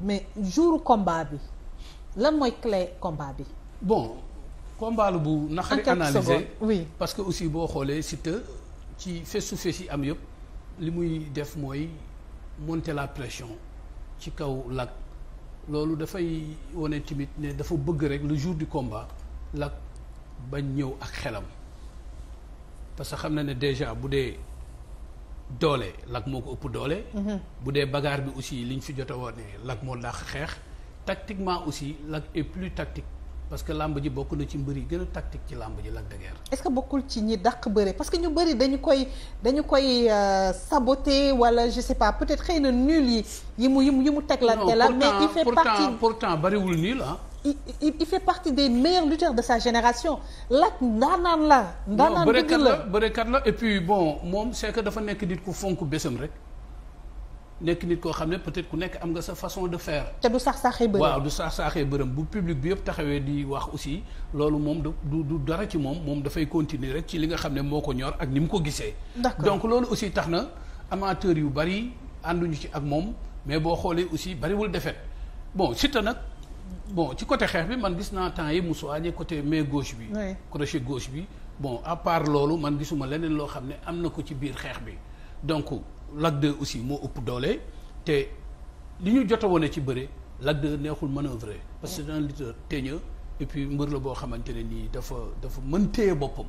mais jour combat bi lan mooy clé combat bi. bon combat la bu naqari analyser oui parce que aussi boo xoolee Siteu ci face to yi am yëpp li muy def mooy monter la pression ci kaw Lac loolu dafay wane tamit ne dafa bëgg rek le jour di combat Lac bañ ñëw ak xelam parce que xam na ne déjà bu dee. doole lak moo ko ëpp doole. Mhm. bu dee bagarre bi aussi liñ fi jot a woon ne lak moo dàq xeex. tactiquement aussi lak est plus tactique parce que làmb ji bokk na ci mbër yi gën a tactique ci làmb ji Lac de Guiers. est bokkul ci ñi daq bëre parce que ñu bëri dañu koy dañu koy euh, saboter wala je sais pas peut-être xëy na nul yi yi mu yi mu mu teg la. mais il fait partie pourtant pourtant bariwul nul ah. il, il, il fait partie des meilleurs lutteurs de sa génération Lac ndaanaan la ndaanaan dëgg la bërekat la et puis bon moom c'est dafa nekk nit ku fonk bésam rek nekk nit koo xam ne peut-être ku nekk am nga sa façon de faire. te du sax saaxee bërëm waaw saaxee bërëm bu public bi yëpp taxawee di wax aussi loolu moom du du dara ci moom moom dafay continuer rek ci li nga xam ne moo ko ñor ak ni mu ko gisee. donc loolu aussi tax na amateur yu bari ànduñu ci ak moom mais boo xoolee aussi bariwul defet bon Siteu nag. bon ci côté xeex bi man gis naa temps yi mu soigné côté mais gauche bi. crochet gauche bi bon à part loolu man gisuma leneen loo xam ne am na ko ci biir xeex bi donc Lac aussi moo ëpp doole te li ñu jot a wone ci bëre Lac 2 neexul manœuvrer parce que c'est un lutteur teigneux et mbër la boo xamante ne nii dafa dafa mën téye boppam.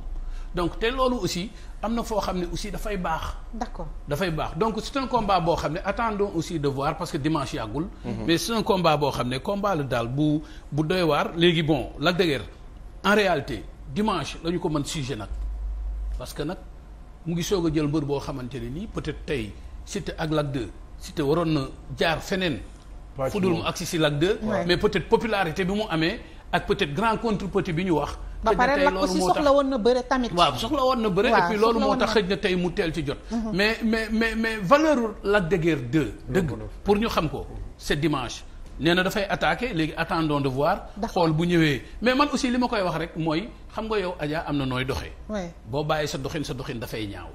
donc te loolu aussi am na foo xam ne aussi dafay baax. d'accord dafay baax donc c'est un boo xam ne attendons aussi de voir parce que dimanche yàggul. Mhm. mais c'est un boo xam ne combat la daal bu bu waar léegi bon Lac de Guiers en réalité dimanche la ñu ko mën sujet nag parce que nag mu ngi soog a jël mbër boo xamante ne nii peut-être tey Siteu ak Lac 2 Siteu waroon na jaar feneen. dul mu agsi si Lac 2. mais peut-être popularité bi mu amee. ak peut-être grand contre petit bi ñu wax. ba pare woon na bëre tamit. woon na bëre et loolu moo tax xëj na tey mu teel ci jot. Mm-hmm. mais mais mais mais valeur la de Guiers 2. dëgg pour ñu xam ko c'est dimanche. nee na dafay attaquer léegi attendon de voir. xool bu ñëwee mais man aussi li ma koy wax rek mooy xam nga yow ajaa am na nooy doxee. boo bàyyi sa doxin sa doxin dafay ñaaw.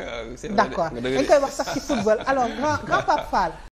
d'accord dañ koy wax sax ci football alors grand grand Pape